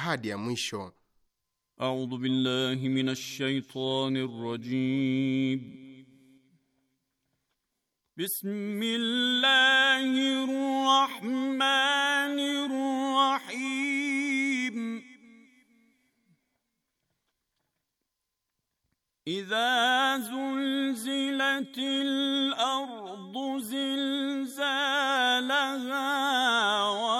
ahadi ya mwisho. A'udhu billahi minash shaitani rrajim. Bismillahir rahmanir rahim. إذا ardu zilzalaha wa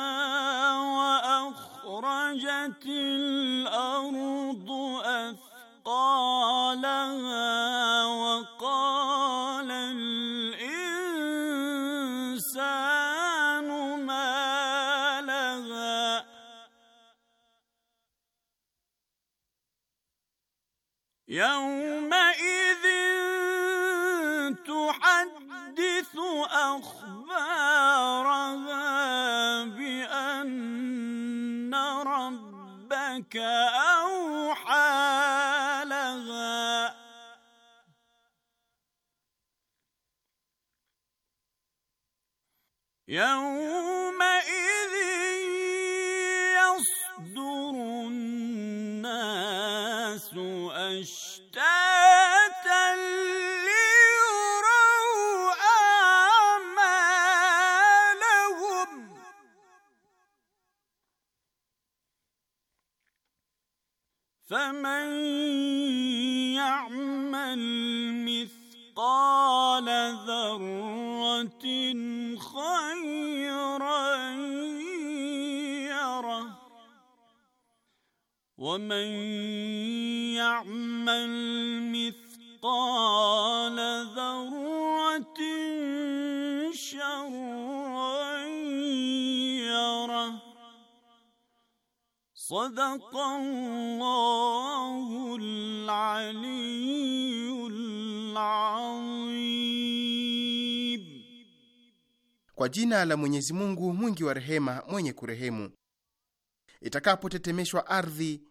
الأرض أثقالها يومئذ يصدر الناس أشتاتا ليروا أعمالهم فمن يعمل مثقال ذرة ومن يعمل مثقال ذرة شرا يره صدق الله العلي العظيم kwa jina la mwenyezi mungu mwingi wa rehema mwenye kurehemu itakapotetemeshwa ardhi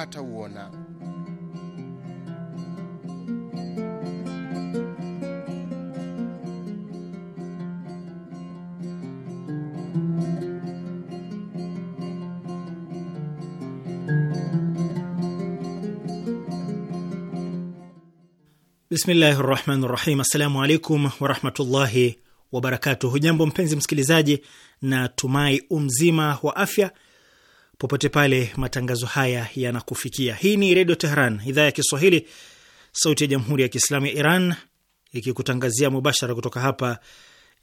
atauona. Bismillahi rahmani rahim. Assalamu alaikum warahmatullahi wabarakatuh. Hujambo mpenzi msikilizaji, na tumai umzima wa afya popote pale matangazo haya yanakufikia. Hii ni Redio Tehran, idhaa ya Kiswahili, sauti ya Jamhuri ya Kiislamu ya Iran, ikikutangazia mubashara kutoka hapa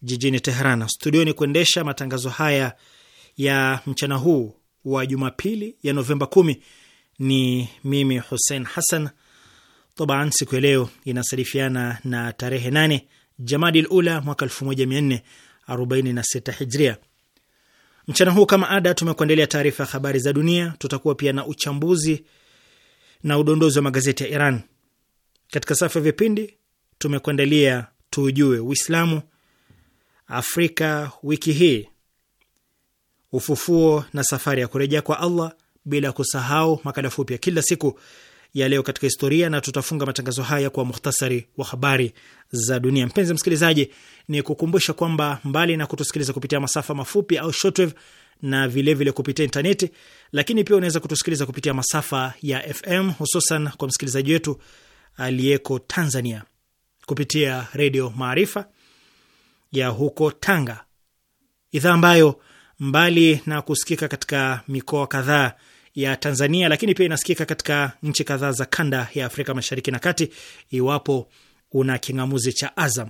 jijini Tehran. Studioni kuendesha matangazo haya ya mchana huu wa Jumapili ya Novemba 10 ni mimi Hussein Hassan. Tabaan, siku ya leo inasadifiana na tarehe 8 Jamadil Ula mwaka 1446 Hijria. Mchana huu kama ada, tumekuandalia taarifa ya habari za dunia, tutakuwa pia na uchambuzi na udondozi wa magazeti ya Iran. Katika safu ya vipindi tumekuandalia tujue Uislamu Afrika wiki hii, ufufuo na safari ya kurejea kwa Allah, bila kusahau makala fupi ya kila siku ya leo katika historia, na tutafunga matangazo haya kwa muhtasari wa habari za dunia. Mpenzi msikilizaji, ni kukumbusha kwamba mbali na kutusikiliza kupitia masafa mafupi au shortwave na vilevile vile kupitia intaneti, lakini pia unaweza kutusikiliza kupitia masafa ya FM, hususan kwa msikilizaji wetu aliyeko Tanzania kupitia Redio Maarifa ya huko Tanga, idhaa ambayo mbali na kusikika katika mikoa kadhaa ya Tanzania, lakini pia inasikika katika nchi kadhaa za kanda ya Afrika Mashariki na Kati, iwapo una king'amuzi cha Azam.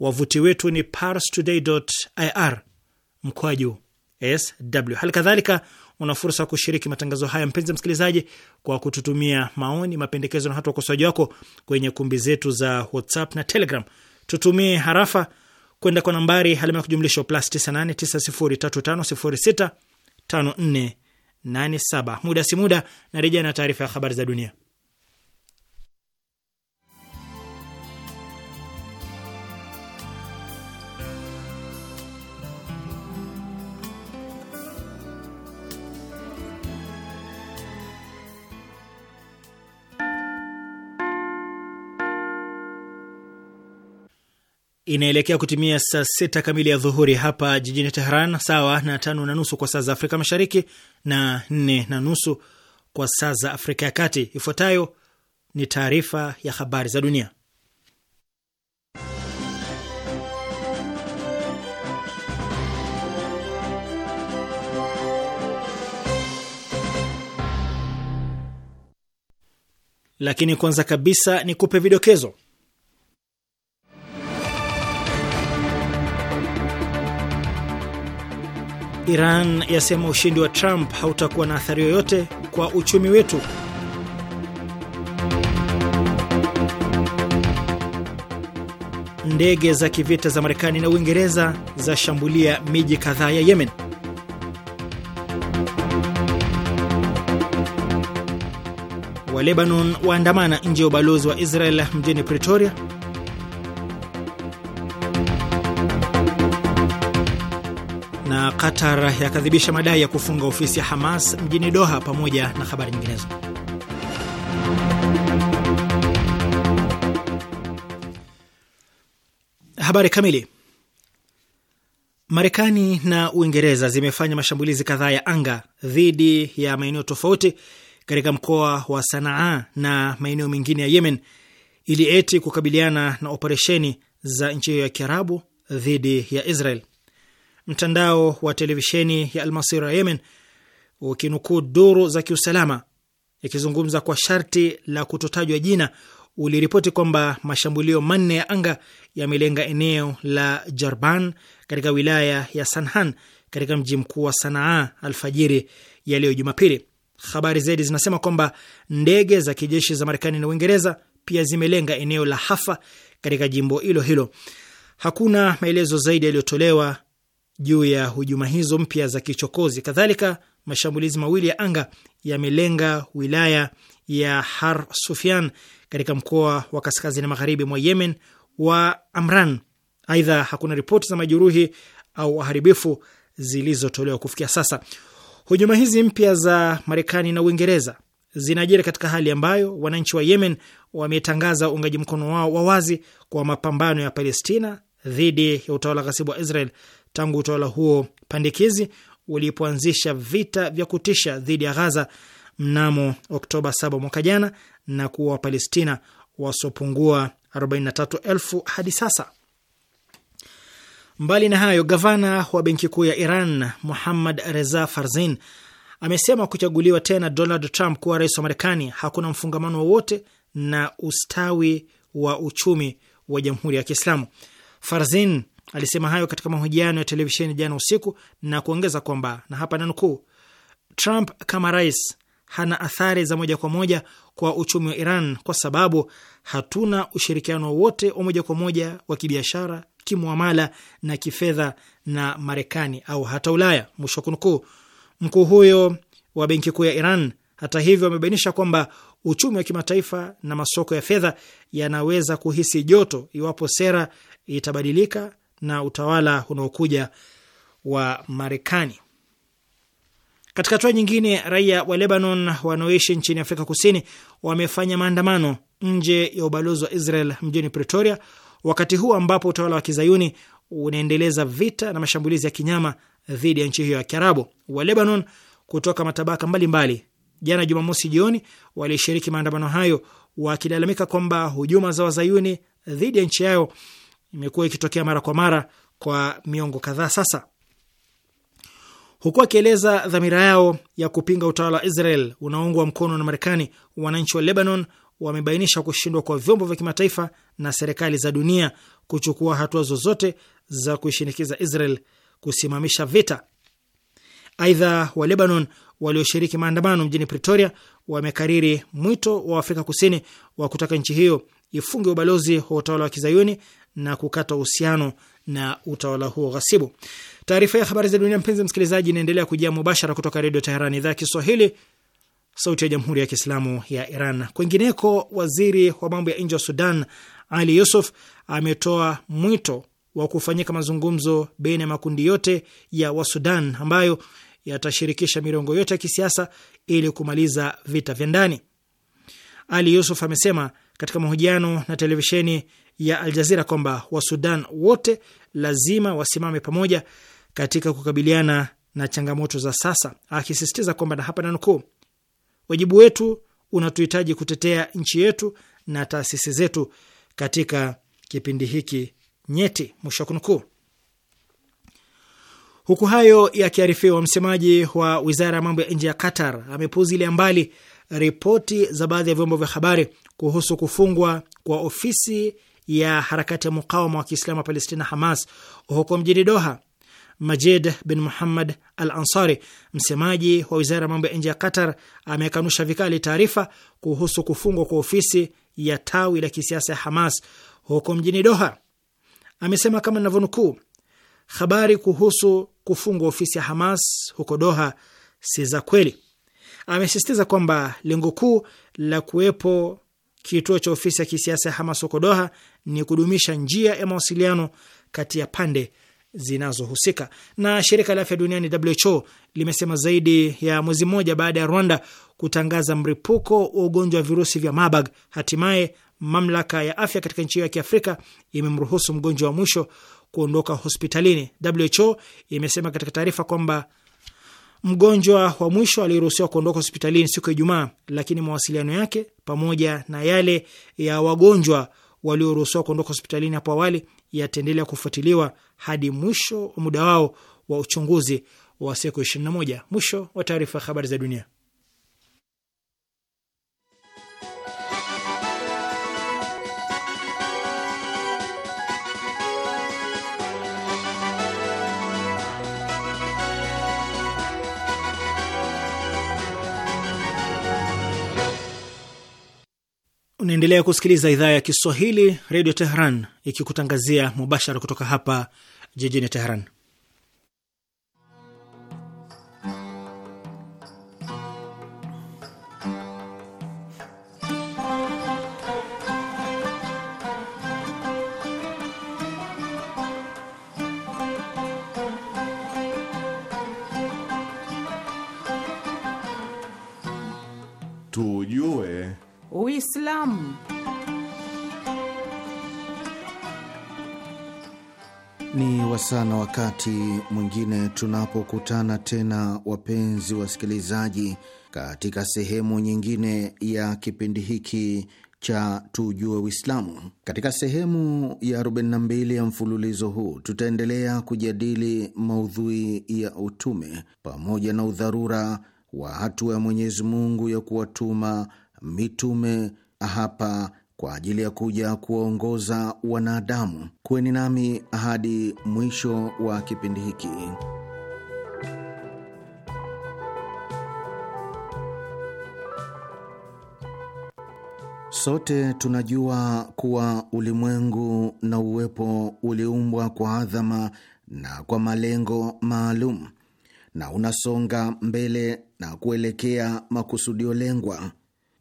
Wavuti wetu ni parstoday.ir mkwaju sw. Hali kadhalika una fursa ya kushiriki matangazo haya, mpenzi msikilizaji, kwa kututumia maoni, mapendekezo na hata ukosoaji wako kwenye kumbi zetu za WhatsApp na Telegram. Tutumie harafa kwenda kwa nambari alama ya kujumlisha plus 87. Muda si muda narejea na taarifa ya habari za dunia. inaelekea kutimia saa sita kamili ya dhuhuri hapa jijini Tehran, sawa na tano na nusu kwa saa za Afrika Mashariki na nne na nusu kwa saa za Afrika ya Kati. Ifuatayo ni taarifa ya habari za dunia, lakini kwanza kabisa ni kupe vidokezo Iran yasema ushindi wa Trump hautakuwa na athari yoyote kwa uchumi wetu. Ndege za kivita za Marekani na Uingereza zashambulia miji kadhaa ya Yemen. Walebanon waandamana nje ya ubalozi wa Israel mjini Pretoria. Qatar yakadhibisha madai ya kufunga ofisi ya Hamas mjini Doha, pamoja na habari nyinginezo. Habari kamili. Marekani na Uingereza zimefanya mashambulizi kadhaa ya anga dhidi ya maeneo tofauti katika mkoa wa Sanaa na maeneo mengine ya Yemen ili eti kukabiliana na operesheni za nchi hiyo ya Kiarabu dhidi ya Israel mtandao wa televisheni ya Almasira Yemen ukinukuu duru za kiusalama ikizungumza kwa sharti la kutotajwa jina, uliripoti kwamba mashambulio manne ya anga yamelenga eneo la Jarban katika wilaya ya Sanhan katika mji mkuu wa Sanaa alfajiri ya leo Jumapili. Habari zaidi zinasema kwamba ndege za kijeshi za Marekani na Uingereza pia zimelenga eneo la Hafa katika jimbo hilo hilo. Hakuna maelezo zaidi yaliyotolewa juu ya hujuma hizo mpya za kichokozi. Kadhalika, mashambulizi mawili ya anga yamelenga wilaya ya Har Sufian katika mkoa wa kaskazini magharibi mwa Yemen wa Amran. Aidha, hakuna ripoti za majeruhi au waharibifu zilizotolewa kufikia sasa. Hujuma hizi mpya za Marekani na Uingereza zinajiri katika hali ambayo wananchi wa Yemen wametangaza uungaji mkono wao wa wazi kwa mapambano ya Palestina dhidi ya utawala ghasibu wa Israel tangu utawala huo pandikizi ulipoanzisha vita vya kutisha dhidi ya Ghaza mnamo Oktoba 7 mwaka jana na kuwa Wapalestina wasiopungua 43,000 hadi sasa. Mbali na hayo, gavana wa benki kuu ya Iran Muhammad Reza Farzin amesema kuchaguliwa tena Donald Trump kuwa rais wa Marekani hakuna mfungamano wowote na ustawi wa uchumi wa Jamhuri ya Kiislamu. Farzin Alisema hayo katika mahojiano ya televisheni jana usiku na kuongeza kwamba, na hapa nanukuu, Trump kama rais hana athari za moja kwa moja kwa uchumi wa Iran kwa sababu hatuna ushirikiano wote wa moja kwa moja wa kibiashara, kimwamala na kifedha na Marekani au hata Ulaya, mwisho wa kunukuu. Mkuu huyo wa benki kuu ya Iran hata hivyo amebainisha kwamba uchumi wa kimataifa na masoko ya fedha yanaweza kuhisi joto iwapo sera itabadilika na utawala unaokuja wa Marekani. Katika hatua nyingine, raia wa Lebanon wanaoishi nchini Afrika Kusini wamefanya maandamano nje ya ubalozi wa Israel mjini Pretoria, wakati huu ambapo utawala wa kizayuni unaendeleza vita na mashambulizi ya kinyama dhidi ya nchi hiyo ya Kiarabu. Wa Lebanon kutoka matabaka mbalimbali mbali, jana Jumamosi jioni walishiriki maandamano hayo wakilalamika kwamba hujuma za wazayuni dhidi ya nchi yao imekuwa ikitokea mara kwa mara kwa miongo kadhaa sasa, huku akieleza dhamira yao ya kupinga utawala wa Israel unaoungwa mkono na Marekani. Wananchi wa Lebanon wamebainisha kushindwa kwa vyombo vya kimataifa na serikali za dunia kuchukua hatua zozote za kuishinikiza Israel kusimamisha vita. Aidha, wa Lebanon walioshiriki maandamano mjini Pretoria wamekariri mwito wa Afrika Kusini wa kutaka nchi hiyo ifunge ubalozi wa utawala wa kizayuni na kukata uhusiano na utawala huo ghasibu. Taarifa ya habari za dunia, mpenzi msikilizaji, inaendelea kujia mubashara kutoka Redio Teherani, idhaa ya Kiswahili, sauti ya jamhuri ya kiislamu ya Iran. Kwingineko, waziri wa mambo ya nje wa Sudan Ali Yusuf ametoa mwito wa kufanyika mazungumzo baina ya makundi yote ya Wasudan ambayo yatashirikisha mirongo yote ya kisiasa ili kumaliza vita vya ndani. Ali Yusuf amesema katika mahojiano na televisheni ya Al Jazira kwamba Wasudan wote lazima wasimame pamoja katika kukabiliana na changamoto za sasa, akisisitiza kwamba na hapa nanukuu, wajibu wetu unatuhitaji kutetea nchi yetu na taasisi zetu katika kipindi hiki nyeti, mwisho wa kunukuu. Huku hayo yakiarifiwa, msemaji wa wizara ya mambo ya nje ya Qatar amepuuzilia mbali ripoti za baadhi ya vyombo vya habari kuhusu kufungwa kwa ofisi ya harakati ya mukawama wa Kiislamu wa Palestina, Hamas, huko mjini Doha. Majid bin Muhammad Al Ansari, msemaji wa wizara ya mambo ya nje ya Qatar, amekanusha vikali taarifa kuhusu kufungwa kwa ofisi ya tawi la kisiasa ya Hamas huko mjini Doha. Amesema kama navyonukuu, habari kuhusu kufungwa ofisi ya Hamas huko Doha si za kweli. Amesisitiza kwamba lengo kuu la kuwepo kituo cha ofisi ya kisiasa ya Hamas huko Doha ni kudumisha njia ya mawasiliano kati ya pande zinazohusika. Na shirika la afya duniani WHO limesema zaidi ya mwezi mmoja baada ya Rwanda kutangaza mripuko wa ugonjwa wa virusi vya Marburg, hatimaye mamlaka ya afya katika nchi hiyo ya kiafrika imemruhusu mgonjwa wa mwisho kuondoka hospitalini. WHO imesema katika taarifa kwamba Mgonjwa wa mwisho aliyeruhusiwa kuondoka hospitalini siku ya Ijumaa, lakini mawasiliano yake pamoja na yale ya wagonjwa walioruhusiwa kuondoka hospitalini hapo awali yataendelea kufuatiliwa hadi mwisho wa muda wao wa uchunguzi wa siku 21. Mwisho wa taarifa ya habari za dunia. Unaendelea kusikiliza idhaa ya Kiswahili Redio Tehran ikikutangazia mubashara kutoka hapa jijini Tehran. Tujue Uislamu. Ni wasana wakati mwingine tunapokutana tena, wapenzi wasikilizaji, katika sehemu nyingine ya kipindi hiki cha tujue Uislamu. Katika sehemu ya 42 ya mfululizo huu tutaendelea kujadili maudhui ya utume pamoja na udharura wa hatua ya Mwenyezi Mungu ya kuwatuma mitume hapa kwa ajili ya kuja kuwaongoza wanadamu. Kuweni nami hadi mwisho wa kipindi hiki. Sote tunajua kuwa ulimwengu na uwepo uliumbwa kwa adhama na kwa malengo maalum, na unasonga mbele na kuelekea makusudio lengwa.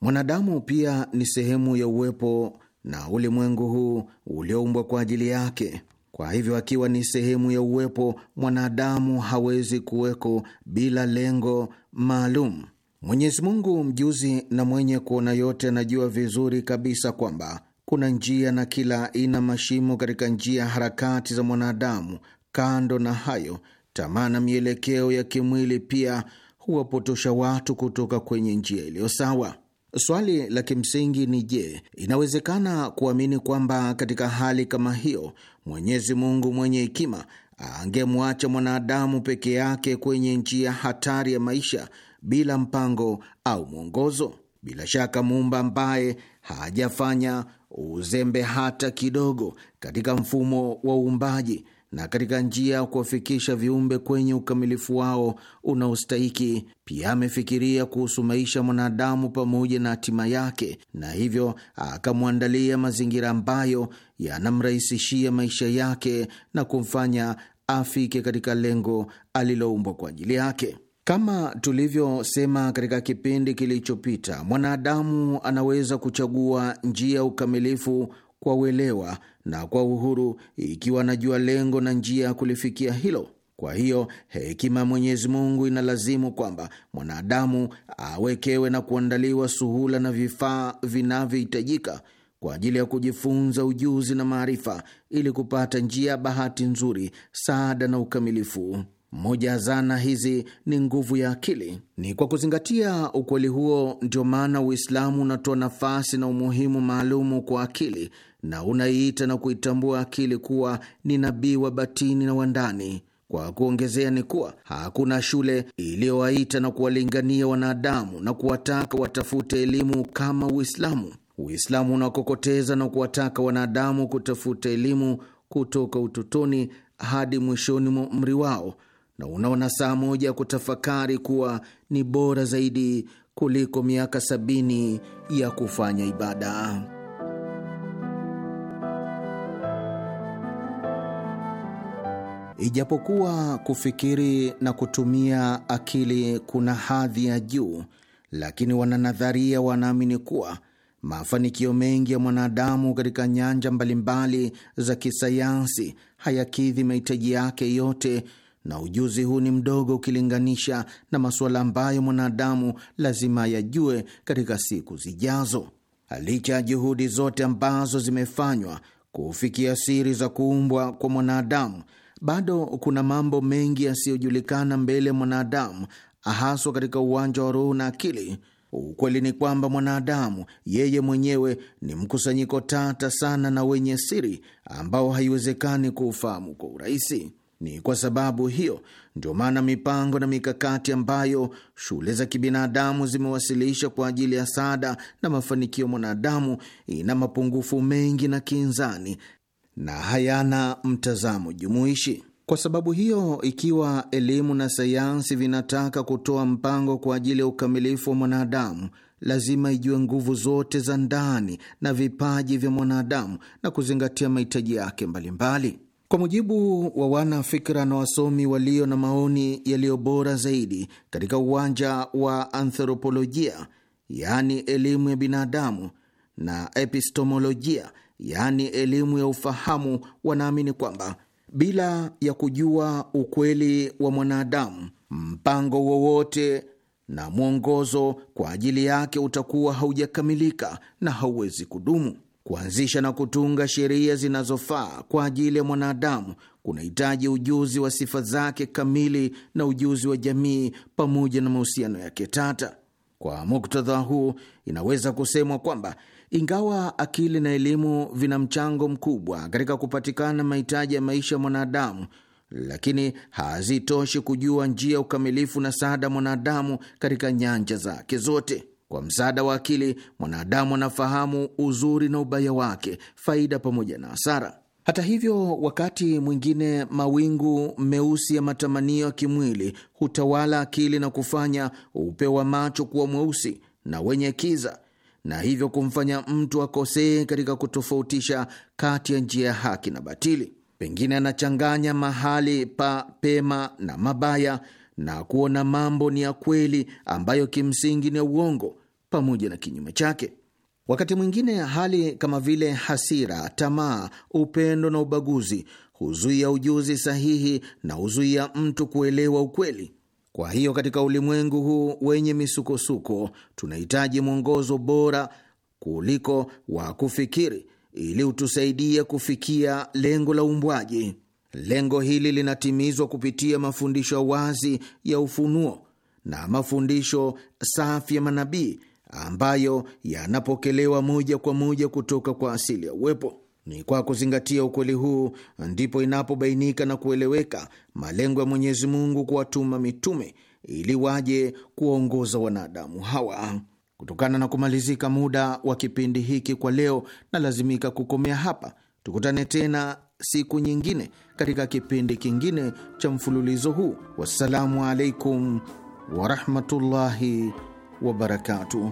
Mwanadamu pia ni sehemu ya uwepo na ulimwengu huu ulioumbwa kwa ajili yake. Kwa hivyo, akiwa ni sehemu ya uwepo, mwanadamu hawezi kuweko bila lengo maalum. Mwenyezi Mungu mjuzi na mwenye kuona yote anajua vizuri kabisa kwamba kuna njia na kila aina mashimo katika njia harakati za mwanadamu. Kando na hayo, tamaa na mielekeo ya kimwili pia huwapotosha watu kutoka kwenye njia iliyo sawa. Swali la kimsingi ni je, inawezekana kuamini kwamba katika hali kama hiyo Mwenyezi Mungu mwenye hekima angemwacha mwanadamu peke yake kwenye njia hatari ya maisha bila mpango au mwongozo? Bila shaka muumba ambaye hajafanya uzembe hata kidogo katika mfumo wa uumbaji na katika njia ya kuwafikisha viumbe kwenye ukamilifu wao unaostahiki pia amefikiria kuhusu maisha mwanadamu pamoja na hatima yake, na hivyo akamwandalia mazingira ambayo yanamrahisishia maisha yake na kumfanya afike katika lengo aliloumbwa kwa ajili yake. Kama tulivyosema katika kipindi kilichopita, mwanadamu anaweza kuchagua njia ya ukamilifu kwa uelewa na kwa uhuru, ikiwa anajua lengo na njia ya kulifikia hilo. Kwa hiyo hekima ya Mwenyezi Mungu inalazimu kwamba mwanadamu awekewe na kuandaliwa suhula na vifaa vinavyohitajika kwa ajili ya kujifunza ujuzi na maarifa ili kupata njia ya bahati nzuri, saada na ukamilifu. Moja ya zana hizi ni nguvu ya akili. Ni kwa kuzingatia ukweli huo ndio maana Uislamu unatoa nafasi na umuhimu maalumu kwa akili na unaiita na kuitambua akili kuwa ni nabii wa batini na wa ndani. Kwa kuongezea, ni kuwa hakuna shule iliyowaita na kuwalingania wanadamu na kuwataka watafute elimu kama Uislamu. Uislamu unakokoteza na kuwataka wanadamu kutafuta elimu kutoka utotoni hadi mwishoni mwa umri wao, na unaona saa moja ya kutafakari kuwa ni bora zaidi kuliko miaka sabini ya kufanya ibada. Ijapokuwa kufikiri na kutumia akili kuna hadhi ya juu, lakini wananadharia wanaamini kuwa mafanikio mengi ya mwanadamu katika nyanja mbalimbali za kisayansi hayakidhi mahitaji yake yote, na ujuzi huu ni mdogo ukilinganisha na masuala ambayo mwanadamu lazima yajue katika siku zijazo. Licha ya juhudi zote ambazo zimefanywa kufikia siri za kuumbwa kwa mwanadamu bado kuna mambo mengi yasiyojulikana mbele ya mwanadamu, haswa katika uwanja wa roho na akili. Ukweli ni kwamba mwanadamu yeye mwenyewe ni mkusanyiko tata sana na wenye siri ambao haiwezekani kuufahamu kwa urahisi. Ni kwa sababu hiyo ndio maana mipango na mikakati ambayo shule za kibinadamu zimewasilisha kwa ajili ya saada na mafanikio mwanadamu ina mapungufu mengi na kinzani na hayana mtazamo jumuishi. Kwa sababu hiyo, ikiwa elimu na sayansi vinataka kutoa mpango kwa ajili ya ukamilifu wa mwanadamu, lazima ijue nguvu zote za ndani na vipaji vya mwanadamu na kuzingatia mahitaji yake mbalimbali. Kwa mujibu wa wana fikra na wasomi walio na maoni yaliyo bora zaidi katika uwanja wa anthropolojia, yaani elimu ya binadamu na epistemolojia yaani elimu ya ufahamu, wanaamini kwamba bila ya kujua ukweli wa mwanadamu, mpango wowote na mwongozo kwa ajili yake utakuwa haujakamilika na hauwezi kudumu. Kuanzisha na kutunga sheria zinazofaa kwa ajili ya mwanadamu kunahitaji ujuzi wa sifa zake kamili na ujuzi wa jamii pamoja na mahusiano yake tata. Kwa muktadha huu, inaweza kusemwa kwamba ingawa akili na elimu vina mchango mkubwa katika kupatikana mahitaji ya maisha ya mwanadamu, lakini hazitoshi kujua njia ya ukamilifu na saada mwanadamu katika nyanja zake zote. Kwa msaada wa akili, mwanadamu anafahamu uzuri na ubaya wake, faida pamoja na hasara. Hata hivyo, wakati mwingine mawingu meusi ya matamanio ya kimwili hutawala akili na kufanya upeo wa macho kuwa mweusi na wenye kiza na hivyo kumfanya mtu akosee katika kutofautisha kati ya njia ya haki na batili. Pengine anachanganya mahali pa pema na mabaya na kuona mambo ni ya kweli ambayo kimsingi ni ya uongo, pamoja na kinyume chake. Wakati mwingine hali kama vile hasira, tamaa, upendo na ubaguzi huzuia ujuzi sahihi na huzuia mtu kuelewa ukweli. Kwa hiyo katika ulimwengu huu wenye misukosuko, tunahitaji mwongozo bora kuliko wa kufikiri ili utusaidie kufikia lengo la uumbwaji. Lengo hili linatimizwa kupitia mafundisho wazi ya ufunuo na mafundisho safi ya manabii ambayo yanapokelewa moja kwa moja kutoka kwa asili ya uwepo. Ni kwa kuzingatia ukweli huu ndipo inapobainika na kueleweka malengo ya Mwenyezi Mungu kuwatuma mitume ili waje kuwaongoza wanadamu hawa. Kutokana na kumalizika muda wa kipindi hiki kwa leo, nalazimika kukomea hapa. Tukutane tena siku nyingine katika kipindi kingine cha mfululizo huu. Wassalamu alaikum warahmatullahi wabarakatuh.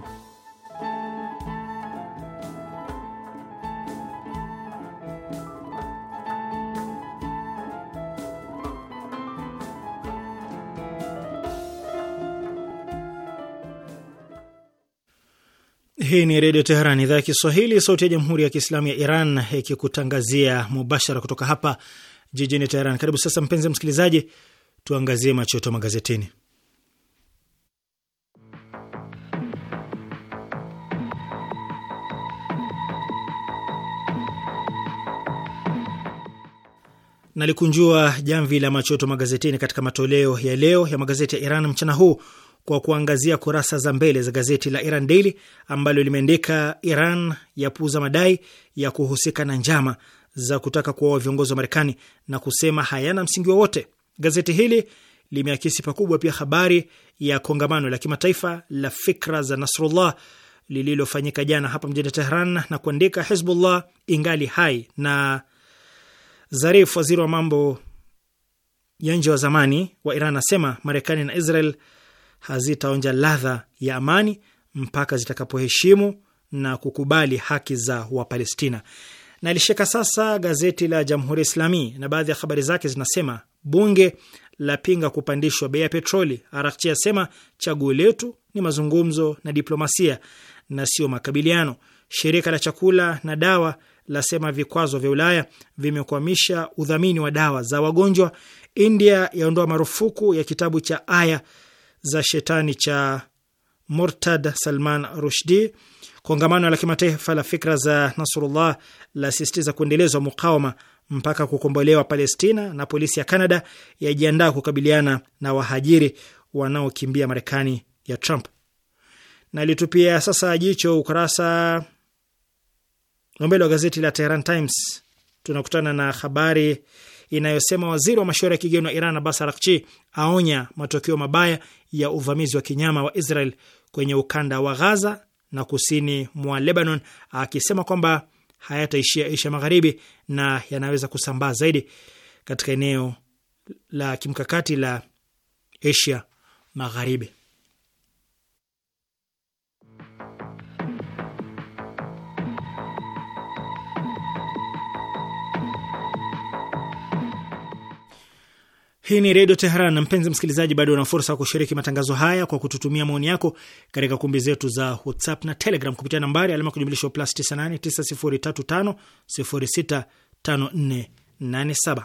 Hii ni Redio Teheran, idhaa ya Kiswahili, sauti ya Jamhuri ya Kiislamu ya Iran, ikikutangazia mubashara kutoka hapa jijini Teheran. Karibu sasa, mpenzi msikilizaji, tuangazie machoto magazetini. Nalikunjua jamvi la machoto magazetini katika matoleo ya leo ya magazeti ya Iran mchana huu kwa kuangazia kurasa za mbele za gazeti la Iran Daily ambalo limeandika Iran yapuuza madai ya kuhusika na njama za kutaka kuwaua viongozi wa Marekani na kusema hayana msingi wowote. Gazeti hili limeakisi pakubwa pia habari ya kongamano la kimataifa la fikra za Nasrullah lililofanyika jana hapa mjini Tehran na kuandika Hizbullah ingali hai na Zarif, waziri wa mambo ya nje wa zamani wa Iran, asema Marekani na Israel hazitaonja ladha ya amani mpaka zitakapoheshimu na kukubali haki za Wapalestina. Nalishika sasa gazeti la Jamhuri Islami na baadhi ya habari zake zinasema: bunge lapinga kupandishwa bei ya petroli, Arakchi asema chaguo letu ni mazungumzo na diplomasia na sio makabiliano. Shirika la chakula na dawa lasema vikwazo vya Ulaya vimekwamisha udhamini wa dawa za wagonjwa. India yaondoa marufuku ya kitabu cha aya za shetani cha Murtad Salman Rushdi. Kongamano la kimataifa la fikra za Nasrullah lasisitiza kuendelezwa mukawama mpaka kukombolewa Palestina, na polisi ya Canada yajiandaa kukabiliana na wahajiri wanaokimbia Marekani ya Trump. Nalitupia sasa jicho ukurasa wa mbele wa gazeti la Tehran Times. Tunakutana na habari inayosema waziri wa mashauri ya kigeni wa Iran Abbas Araghchi aonya matokeo mabaya ya uvamizi wa kinyama wa Israel kwenye ukanda wa Ghaza na kusini mwa Lebanon, akisema kwamba hayataishia Asia Magharibi na yanaweza kusambaa zaidi katika eneo la kimkakati la Asia Magharibi. Hii ni Redio Teheran na mpenzi msikilizaji, bado una fursa ya kushiriki matangazo haya kwa kututumia maoni yako katika kumbi zetu za WhatsApp na Telegram kupitia nambari alama kujumlisha plus 98 9035065487.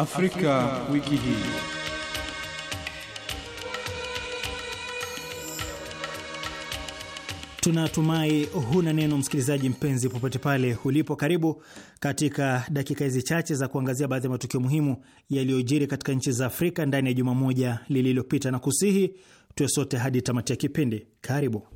Afrika, wiki hii. Tunatumai huna neno msikilizaji mpenzi, popote pale ulipo. Karibu katika dakika hizi chache za kuangazia baadhi ya matukio muhimu yaliyojiri katika nchi za Afrika ndani ya juma moja lililopita, na kusihi tuwe sote hadi tamati ya kipindi. Karibu.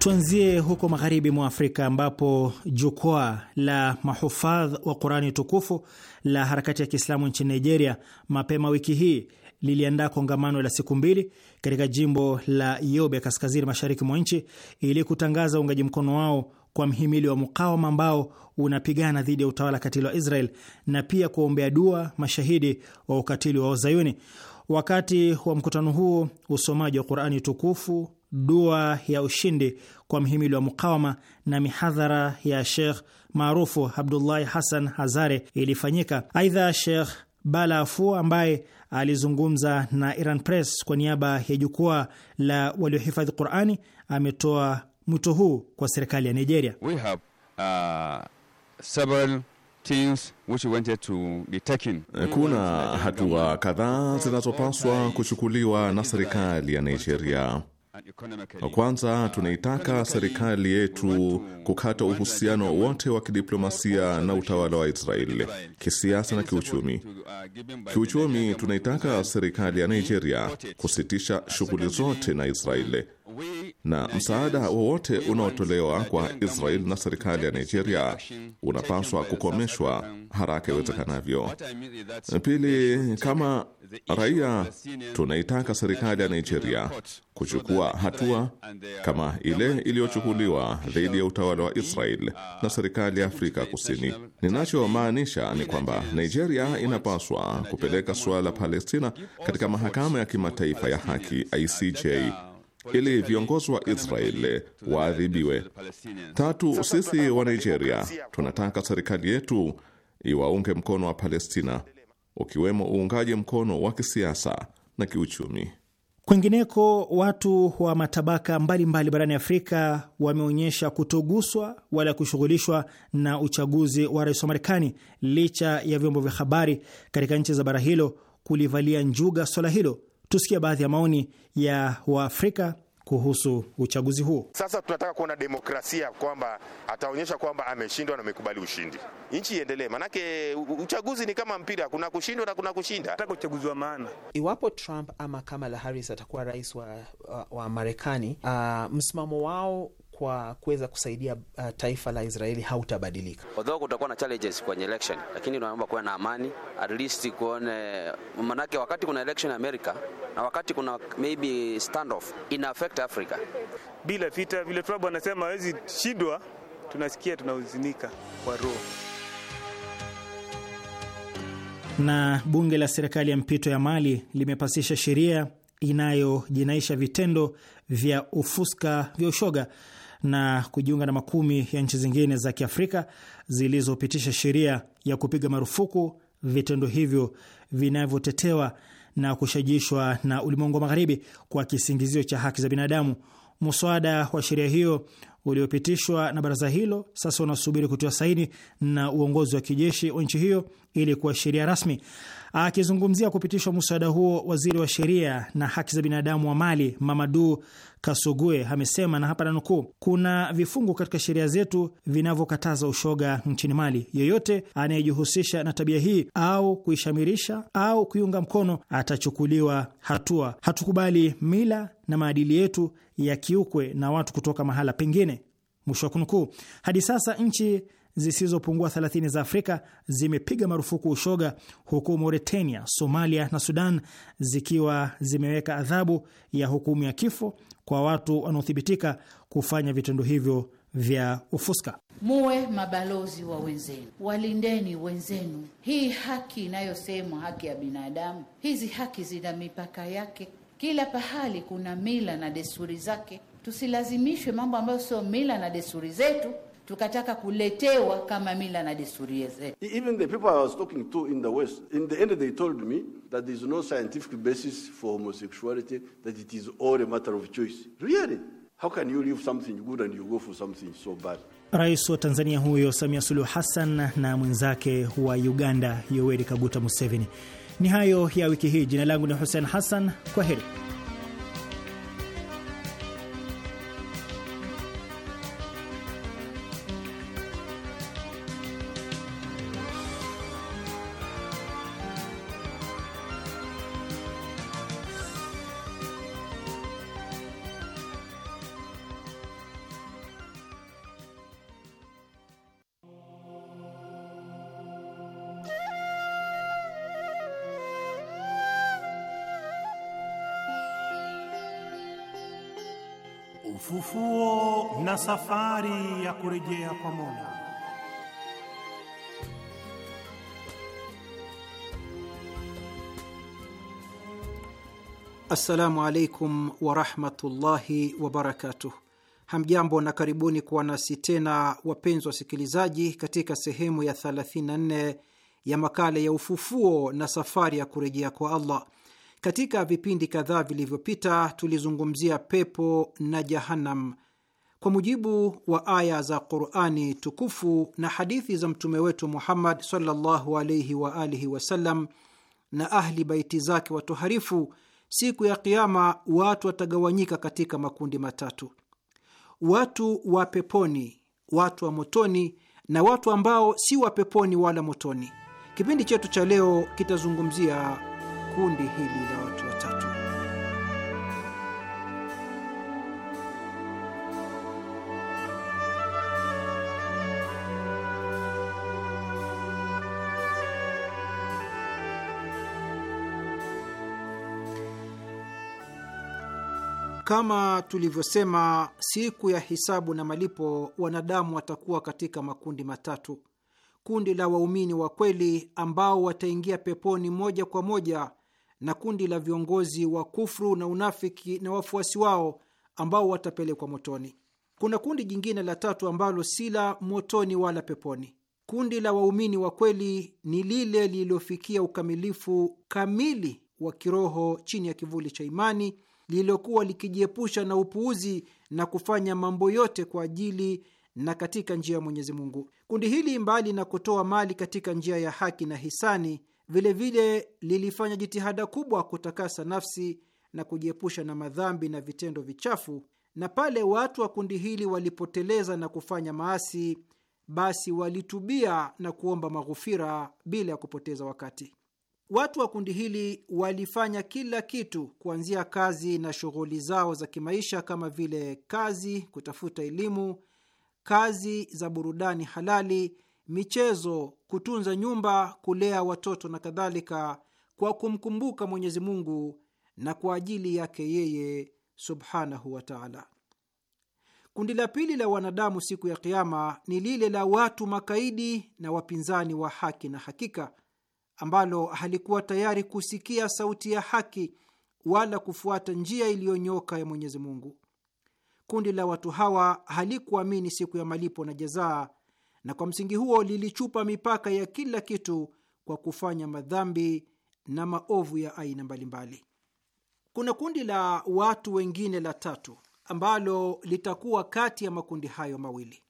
Tuanzie huko magharibi mwa Afrika ambapo jukwaa la mahufadh wa Qurani tukufu la harakati ya Kiislamu nchini Nigeria mapema wiki hii liliandaa kongamano la siku mbili katika jimbo la Yobe kaskazini mashariki mwa nchi ili kutangaza uungaji mkono wao kwa mhimili wa mukawama ambao unapigana dhidi ya utawala katili wa Israel na pia kuombea dua mashahidi wa ukatili wa Wazayuni. Wakati wa mkutano huo, usomaji wa Qurani tukufu dua ya ushindi kwa mhimili wa mukawama na mihadhara ya Sheikh maarufu Abdullahi Hassan Hazare ilifanyika. Aidha, Sheikh balafu ambaye alizungumza na Iran Press kwa niaba ya jukwaa la waliohifadhi Qurani ametoa mwito huu kwa serikali ya Nigeria. We have, uh, several which wanted to be taken. Eh, kuna hatua kadhaa zinazopaswa kuchukuliwa na serikali ya Nigeria. Kwanza tunaitaka serikali yetu kukata uhusiano wote wa kidiplomasia na utawala wa Israeli kisiasa na kiuchumi. Kiuchumi, tunaitaka serikali ya Nigeria kusitisha shughuli zote na Israeli na msaada wowote unaotolewa kwa Israel na serikali ya Nigeria unapaswa kukomeshwa haraka iwezekanavyo. Pili, kama Raia tunaitaka serikali ya Nigeria kuchukua hatua kama ile iliyochukuliwa uh, dhidi ya utawala wa Israel uh, na serikali ya Afrika Kusini. Ninachomaanisha ni kwamba Nigeria inapaswa kupeleka suala la Palestina katika mahakama ya kimataifa ya haki uh, ICJ ili viongozi wa israel waadhibiwe. Tatu, sisi wa Nigeria tunataka serikali yetu iwaunge mkono wa Palestina ukiwemo uungaji mkono wa kisiasa na kiuchumi. Kwingineko, watu wa matabaka mbalimbali mbali barani Afrika wameonyesha kutoguswa wala kushughulishwa na uchaguzi wa rais wa Marekani licha ya vyombo vya habari katika nchi za bara hilo kulivalia njuga swala hilo. Tusikia baadhi ya maoni ya Waafrika kuhusu uchaguzi huo. Sasa tunataka kuona demokrasia kwamba ataonyesha kwamba ameshindwa na amekubali ushindi, nchi iendelee, manake uchaguzi ni kama mpira, kuna kushindwa na kuna kushinda. Nataka uchaguzi wa maana. Iwapo Trump ama Kamala Harris atakuwa rais wa, wa, wa Marekani, uh, msimamo wao kwa kuweza kusaidia uh, taifa la Israeli hautabadilika. Although kutakuwa na challenges kwenye election, lakini tunaomba kuwe na amani at least kuone, manake wakati kuna election America na wakati kuna maybe standoff ina affect Africa. Bila vita vile Trump anasema hawezi shidwa, tunasikia tunahuzunika kwa roho na bunge la serikali ya mpito ya Mali limepasisha sheria inayojinaisha vitendo vya ufuska vya ushoga na kujiunga na makumi ya nchi zingine za Kiafrika zilizopitisha sheria ya kupiga marufuku vitendo hivyo vinavyotetewa na kushajishwa na ulimwengu wa Magharibi kwa kisingizio cha haki za binadamu. Muswada wa sheria hiyo uliopitishwa na baraza hilo sasa unasubiri kutiwa saini na uongozi wa kijeshi wa nchi hiyo ili kuwa sheria rasmi. Akizungumzia kupitishwa msaada huo, waziri wa sheria na haki za binadamu wa Mali Mamadu Kasugue amesema na hapa nanukuu, kuna vifungu katika sheria zetu vinavyokataza ushoga nchini Mali. Yeyote anayejihusisha na tabia hii au kuishamirisha au kuiunga mkono atachukuliwa hatua. Hatukubali mila na maadili yetu yakiukwe na watu kutoka mahala pengine, mwisho wa kunukuu. Hadi sasa nchi zisizopungua 30 za Afrika zimepiga marufuku ushoga, huku Mauritania, Somalia na Sudan zikiwa zimeweka adhabu ya hukumu ya kifo kwa watu wanaothibitika kufanya vitendo hivyo vya ufuska. Muwe mabalozi wa wenzenu, walindeni wenzenu. Hii haki inayosemwa haki ya binadamu, hizi haki zina mipaka yake. Kila pahali kuna mila na desturi zake, tusilazimishwe mambo ambayo sio mila na desturi zetu tukataka kuletewa kama mila na desturi zetu. E, even the people I was talking to in the West, in the end they told me that there is no scientific basis for homosexuality, that it is all a matter of choice. Really? How can you leave something good and you go for something so bad? Rais wa Tanzania huyo Samia Suluhu Hassan na mwenzake wa Uganda Yoweri Kaguta Museveni. Ni hayo ya wiki hii. Jina langu ni Hussein Hassan, kwa heri. safari ya kurejea kwa Mola. Assalamu alaikum warahmatullahi wabarakatuh. Hamjambo na karibuni kuwa nasi tena, wapenzi wasikilizaji, katika sehemu ya 34 ya makala ya ufufuo na safari ya kurejea kwa Allah. Katika vipindi kadhaa vilivyopita tulizungumzia pepo na Jahannam kwa mujibu wa aya za Qurani tukufu na hadithi za mtume wetu Muhammad sallallahu alaihi wa alihi wasallam na ahli baiti zake watoharifu. Siku ya Kiama watu watagawanyika katika makundi matatu: watu wa peponi, watu wa motoni na watu ambao si wa peponi wala motoni. Kipindi chetu cha leo kitazungumzia kundi hili la watu watatu. Kama tulivyosema, siku ya hisabu na malipo, wanadamu watakuwa katika makundi matatu: kundi la waumini wa kweli ambao wataingia peponi moja kwa moja, na kundi la viongozi wa kufru na unafiki na wafuasi wao ambao watapelekwa motoni. Kuna kundi jingine la tatu ambalo si la motoni wala peponi. Kundi la waumini wa kweli ni lile lililofikia ukamilifu kamili wa kiroho chini ya kivuli cha imani lililokuwa likijiepusha na upuuzi na kufanya mambo yote kwa ajili na katika njia ya Mwenyezi Mungu. Kundi hili mbali na kutoa mali katika njia ya haki na hisani, vilevile vile lilifanya jitihada kubwa kutakasa nafsi na kujiepusha na madhambi na vitendo vichafu, na pale watu wa kundi hili walipoteleza na kufanya maasi, basi walitubia na kuomba maghufira bila ya kupoteza wakati. Watu wa kundi hili walifanya kila kitu kuanzia kazi na shughuli zao za kimaisha kama vile kazi, kutafuta elimu, kazi za burudani halali, michezo, kutunza nyumba, kulea watoto na kadhalika, kwa kumkumbuka Mwenyezi Mungu na kwa ajili yake yeye subhanahu wa taala. Kundi la pili la wanadamu siku ya Kiama ni lile la watu makaidi na wapinzani wa haki na hakika ambalo halikuwa tayari kusikia sauti ya haki wala kufuata njia iliyonyoka ya Mwenyezi Mungu. Kundi la watu hawa halikuamini siku ya malipo na jazaa, na kwa msingi huo lilichupa mipaka ya kila kitu kwa kufanya madhambi na maovu ya aina mbalimbali. Kuna kundi la watu wengine la tatu ambalo litakuwa kati ya makundi hayo mawili.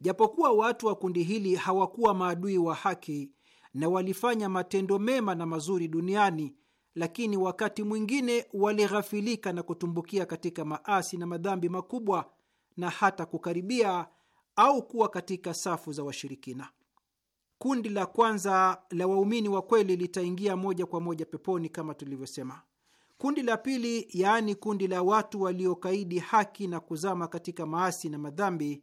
Japokuwa watu wa kundi hili hawakuwa maadui wa haki, na walifanya matendo mema na mazuri duniani, lakini wakati mwingine walighafilika na kutumbukia katika maasi na madhambi makubwa na hata kukaribia au kuwa katika safu za washirikina. Kundi la kwanza la waumini wa kweli litaingia moja kwa moja peponi kama tulivyosema. Kundi la pili, yaani kundi la watu waliokaidi haki na kuzama katika maasi na madhambi,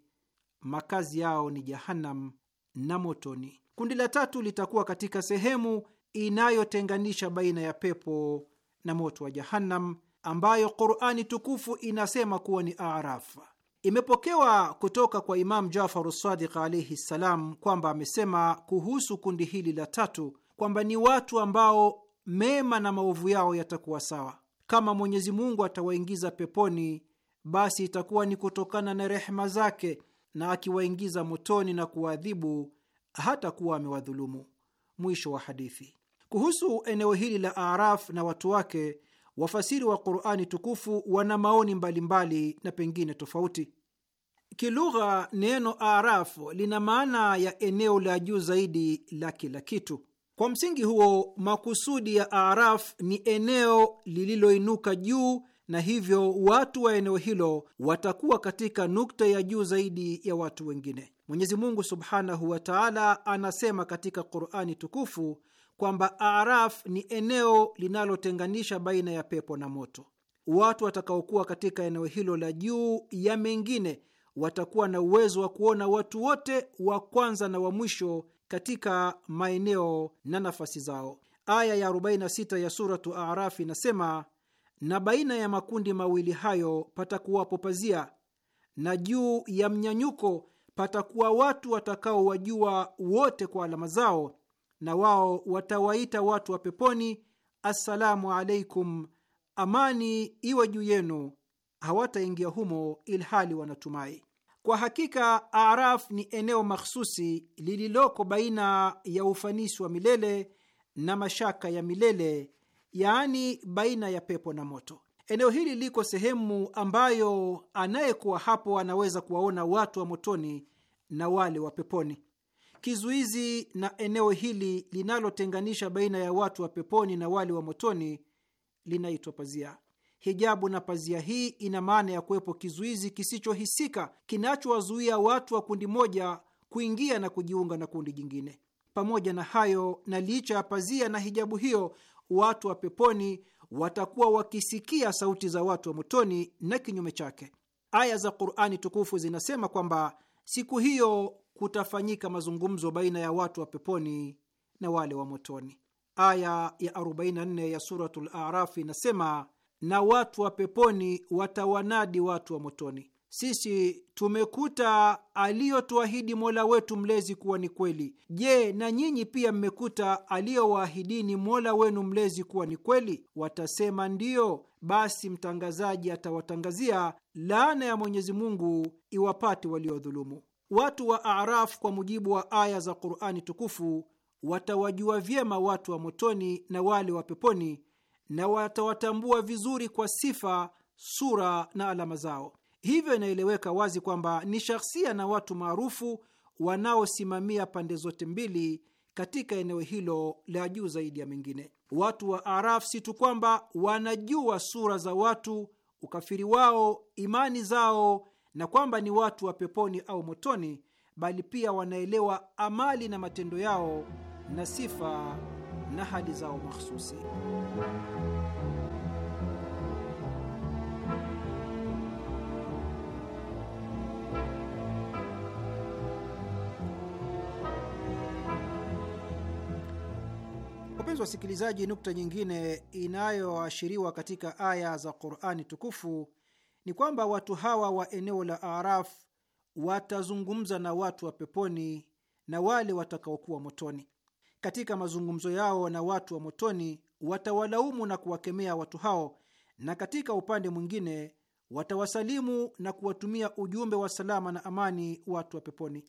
makazi yao ni jahanam na motoni. Kundi la tatu litakuwa katika sehemu inayotenganisha baina ya pepo na moto wa Jahannam, ambayo Qurani tukufu inasema kuwa ni Araf. Imepokewa kutoka kwa Imamu Jafaru Sadiq alaihi ssalam kwamba amesema kuhusu kundi hili la tatu kwamba ni watu ambao mema na maovu yao yatakuwa sawa. Kama Mwenyezi Mungu atawaingiza peponi, basi itakuwa ni kutokana na rehema zake, na akiwaingiza motoni na kuwaadhibu hata kuwa amewadhulumu. Mwisho wa hadithi. Kuhusu eneo hili la Araf na watu wake, wafasiri wa Qurani tukufu wana maoni mbalimbali na pengine tofauti. Kilugha, neno Araf lina maana ya eneo la juu zaidi la kila kitu. Kwa msingi huo, makusudi ya Araf ni eneo lililoinuka juu, na hivyo watu wa eneo hilo watakuwa katika nukta ya juu zaidi ya watu wengine. Mwenyezi Mungu subhanahu wa taala anasema katika Qurani tukufu kwamba Araf ni eneo linalotenganisha baina ya pepo na moto. Watu watakaokuwa katika eneo hilo la juu ya mengine watakuwa na uwezo wa kuona watu wote wa kwanza na wa mwisho katika maeneo na nafasi zao. Aya ya 46 ya Suratu Araf inasema, na baina ya makundi mawili hayo patakuwapo pazia, na juu ya mnyanyuko patakuwa watu watakaowajua wote kwa alama zao, na wao watawaita watu wa peponi, assalamu alaikum, amani iwe juu yenu. Hawataingia humo ilhali wanatumai. Kwa hakika Araf ni eneo mahsusi lililoko baina ya ufanisi wa milele na mashaka ya milele, yaani baina ya pepo na moto. Eneo hili liko sehemu ambayo anayekuwa hapo anaweza kuwaona watu wa motoni na wale wa peponi. Kizuizi na eneo hili linalotenganisha baina ya watu wa peponi na wale wa motoni linaitwa pazia. Hijabu na pazia hii ina maana ya kuwepo kizuizi kisichohisika kinachowazuia watu wa kundi moja kuingia na kujiunga na kundi jingine. Pamoja na hayo, na licha ya pazia na hijabu hiyo, watu wa peponi watakuwa wakisikia sauti za watu wa motoni na kinyume chake. Aya za Qur'ani tukufu zinasema kwamba Siku hiyo kutafanyika mazungumzo baina ya watu wa peponi na wale wa motoni. Aya ya 44 ya Suratul Araf inasema, na watu wa peponi watawanadi watu wa motoni, sisi tumekuta aliyotuahidi Mola wetu mlezi kuwa ni kweli. Je, na nyinyi pia mmekuta aliyowaahidini Mola wenu mlezi kuwa ni kweli? Watasema ndiyo basi mtangazaji atawatangazia laana ya Mwenyezi Mungu iwapate waliodhulumu. Watu wa Arafu, kwa mujibu wa aya za Qur'ani tukufu, watawajua vyema watu wa motoni na wale wa peponi, na watawatambua vizuri kwa sifa, sura na alama zao. Hivyo inaeleweka wazi kwamba ni shakhsia na watu maarufu wanaosimamia pande zote mbili katika eneo hilo la juu zaidi ya mengine. Watu wa Araf si tu kwamba wanajua sura za watu, ukafiri wao, imani zao, na kwamba ni watu wa peponi au motoni, bali pia wanaelewa amali na matendo yao na sifa na hali zao mahsusi. Wapenzi wasikilizaji, nukta nyingine inayoashiriwa katika aya za Qurani tukufu ni kwamba watu hawa wa eneo la Araf watazungumza na watu wa peponi na wale watakaokuwa motoni. Katika mazungumzo yao na watu wa motoni, watawalaumu na kuwakemea watu hao, na katika upande mwingine watawasalimu na kuwatumia ujumbe wa salama na amani watu wa peponi.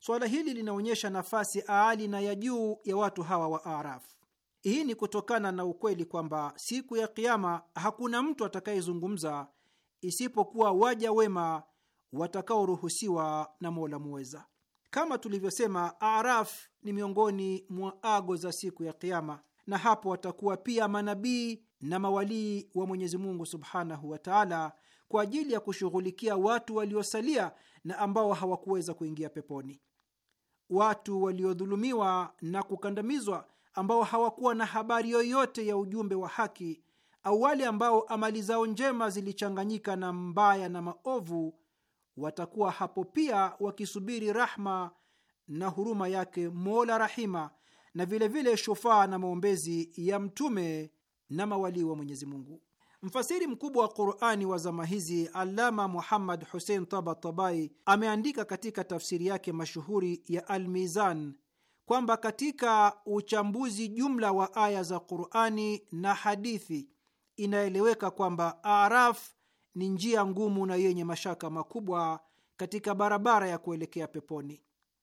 Suala hili linaonyesha nafasi aali na ya juu ya watu hawa wa Arafu. Hii ni kutokana na ukweli kwamba siku ya Kiama hakuna mtu atakayezungumza isipokuwa waja wema watakaoruhusiwa na Mola Muweza. Kama tulivyosema, Araf ni miongoni mwa ago za siku ya Kiama, na hapo watakuwa pia manabii na mawalii wa Mwenyezi Mungu subhanahu wa taala kwa ajili ya kushughulikia watu waliosalia na ambao hawakuweza kuingia peponi, watu waliodhulumiwa na kukandamizwa ambao hawakuwa na habari yoyote ya ujumbe wa haki au wale ambao amali zao njema zilichanganyika na mbaya na maovu, watakuwa hapo pia wakisubiri rahma na huruma yake Mola Rahima, na vilevile shufaa na maombezi ya Mtume na mawalii wa Mwenyezi Mungu. Mfasiri mkubwa wa Qurani wa zama hizi Allama Muhammad Husein Tabatabai ameandika katika tafsiri yake mashuhuri ya Almizan kwamba katika uchambuzi jumla wa aya za Qurani na hadithi inaeleweka kwamba araf ni njia ngumu na yenye mashaka makubwa katika barabara ya kuelekea peponi.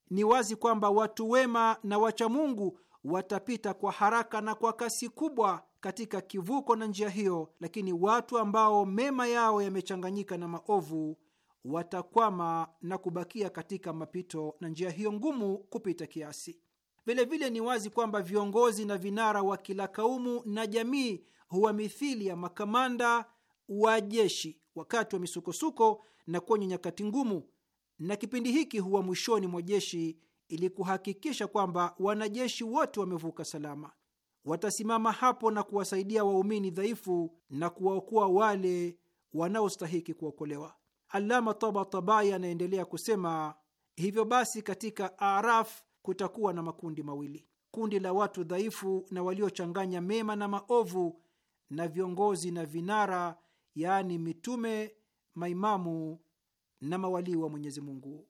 Ni wazi kwamba watu wema na wachamungu watapita kwa haraka na kwa kasi kubwa katika kivuko na njia hiyo, lakini watu ambao mema yao yamechanganyika na maovu watakwama na kubakia katika mapito na njia hiyo ngumu kupita kiasi. Vilevile ni wazi kwamba viongozi na vinara wa kila kaumu na jamii huwa mithili ya makamanda wa jeshi wakati wa misukosuko na kwenye nyakati ngumu, na kipindi hiki huwa mwishoni mwa jeshi ili kuhakikisha kwamba wanajeshi wote wamevuka salama. Watasimama hapo na kuwasaidia waumini dhaifu na kuwaokoa wale wanaostahiki kuokolewa. Alama Tabatabai anaendelea kusema hivyo basi, katika Araf kutakuwa na makundi mawili: kundi la watu dhaifu na waliochanganya mema na maovu, na viongozi na vinara, yaani mitume, maimamu na mawalii wa Mwenyezi Mungu.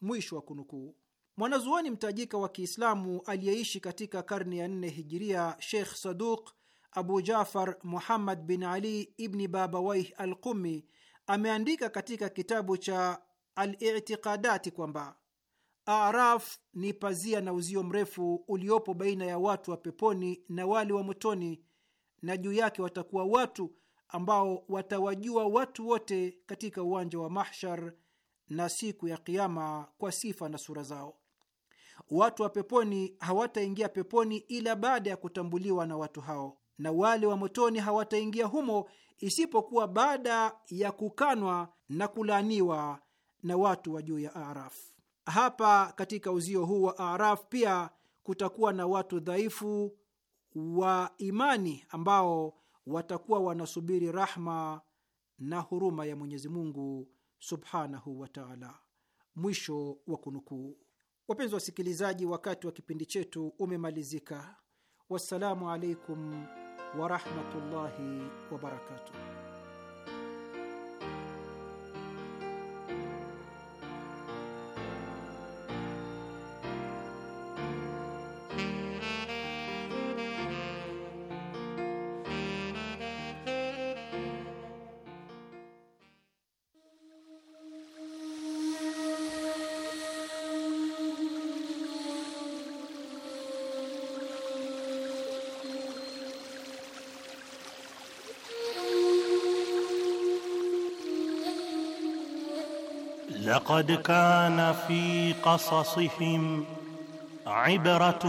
Mwisho wa kunukuu. Mwanazuoni mtajika wa Kiislamu aliyeishi katika karne ya nne hijiria, Sheikh Saduq Abu Jafar Muhammad bin Ali ibni Babawaih al Qumi ameandika katika kitabu cha Al-Itiqadati kwamba Araf ni pazia na uzio mrefu uliopo baina ya watu wa peponi na wale wa motoni, na juu yake watakuwa watu ambao watawajua watu wote katika uwanja wa Mahshar na siku ya Kiama kwa sifa na sura zao. Watu wa peponi hawataingia peponi ila baada ya kutambuliwa na watu hao, na wale wa motoni hawataingia humo isipokuwa baada ya kukanwa na kulaaniwa na watu wa juu ya Arafu. Hapa katika uzio huu wa Araf pia kutakuwa na watu dhaifu wa imani ambao watakuwa wanasubiri rahma na huruma ya Mwenyezi Mungu subhanahu wa taala. Mwisho wa kunukuu. Wapenzi wasikilizaji, wakati wa kipindi chetu umemalizika. Wassalamu alaikum warahmatullahi wabarakatuh. قد كان في قصصهم عبره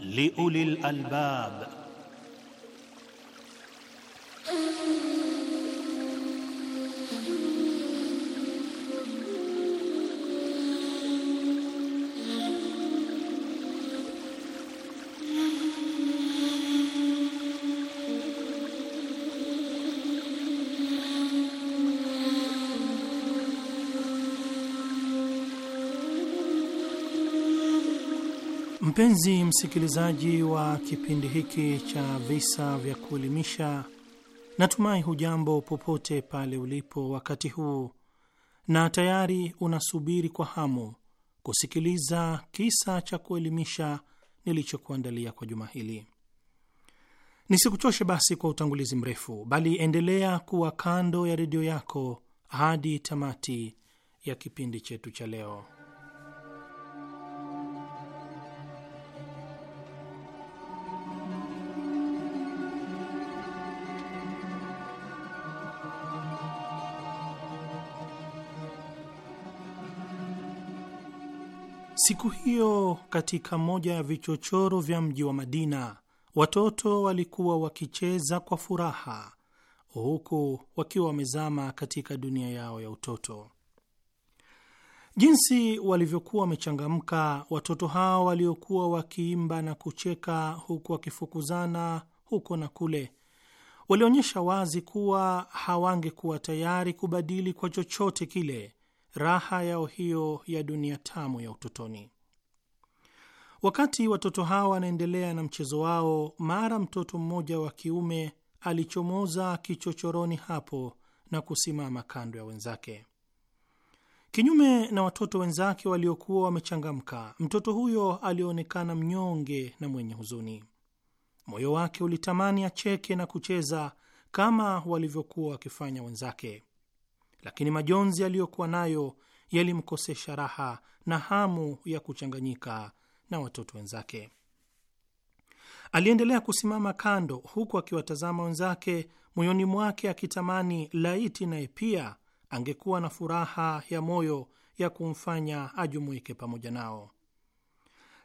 لاولي الالباب Mpenzi msikilizaji wa kipindi hiki cha visa vya kuelimisha, natumai hujambo popote pale ulipo wakati huu, na tayari unasubiri kwa hamu kusikiliza kisa cha kuelimisha nilichokuandalia kwa juma hili. Nisikuchoshe basi kwa utangulizi mrefu, bali endelea kuwa kando ya redio yako hadi tamati ya kipindi chetu cha leo. Siku hiyo katika moja ya vichochoro vya mji wa Madina, watoto walikuwa wakicheza kwa furaha, huku wakiwa wamezama katika dunia yao ya utoto. Jinsi walivyokuwa wamechangamka watoto hao waliokuwa wakiimba na kucheka, huku wakifukuzana huko na kule, walionyesha wazi kuwa hawangekuwa tayari kubadili kwa chochote kile raha yao hiyo ya dunia tamu ya utotoni. Wakati watoto hawa wanaendelea na mchezo wao, mara mtoto mmoja wa kiume alichomoza kichochoroni hapo na kusimama kando ya wenzake. Kinyume na watoto wenzake waliokuwa wamechangamka, mtoto huyo alionekana mnyonge na mwenye huzuni. Moyo wake ulitamani acheke na kucheza kama walivyokuwa wakifanya wenzake, lakini majonzi aliyokuwa nayo yalimkosesha raha na hamu ya kuchanganyika na watoto wenzake. Aliendelea kusimama kando, huku akiwatazama wenzake, moyoni mwake akitamani laiti naye pia angekuwa na furaha ya moyo ya kumfanya ajumuike pamoja nao.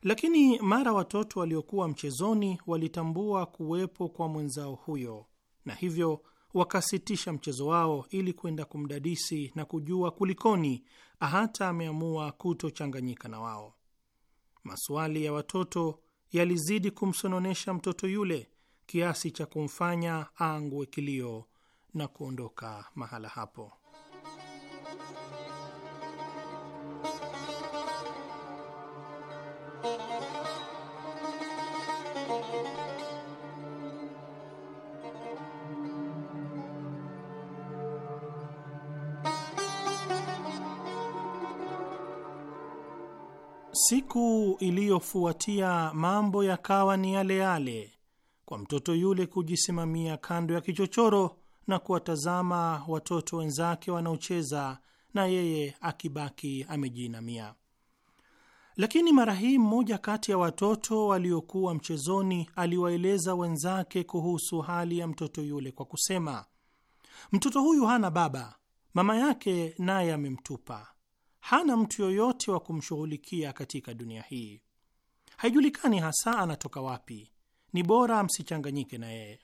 Lakini mara watoto waliokuwa mchezoni walitambua kuwepo kwa mwenzao huyo, na hivyo wakasitisha mchezo wao ili kwenda kumdadisi na kujua kulikoni, hata ameamua kutochanganyika na wao. Maswali ya watoto yalizidi kumsononesha mtoto yule kiasi cha kumfanya aangue kilio na kuondoka mahala hapo. Siku iliyofuatia mambo yakawa ni yale yale, kwa mtoto yule kujisimamia kando ya kichochoro na kuwatazama watoto wenzake wanaocheza na yeye akibaki amejiinamia. Lakini mara hii mmoja kati ya watoto waliokuwa mchezoni aliwaeleza wenzake kuhusu hali ya mtoto yule kwa kusema, mtoto huyu hana baba, mama yake naye amemtupa hana mtu yoyote wa kumshughulikia katika dunia hii. Haijulikani hasa anatoka wapi, ni bora msichanganyike na yeye.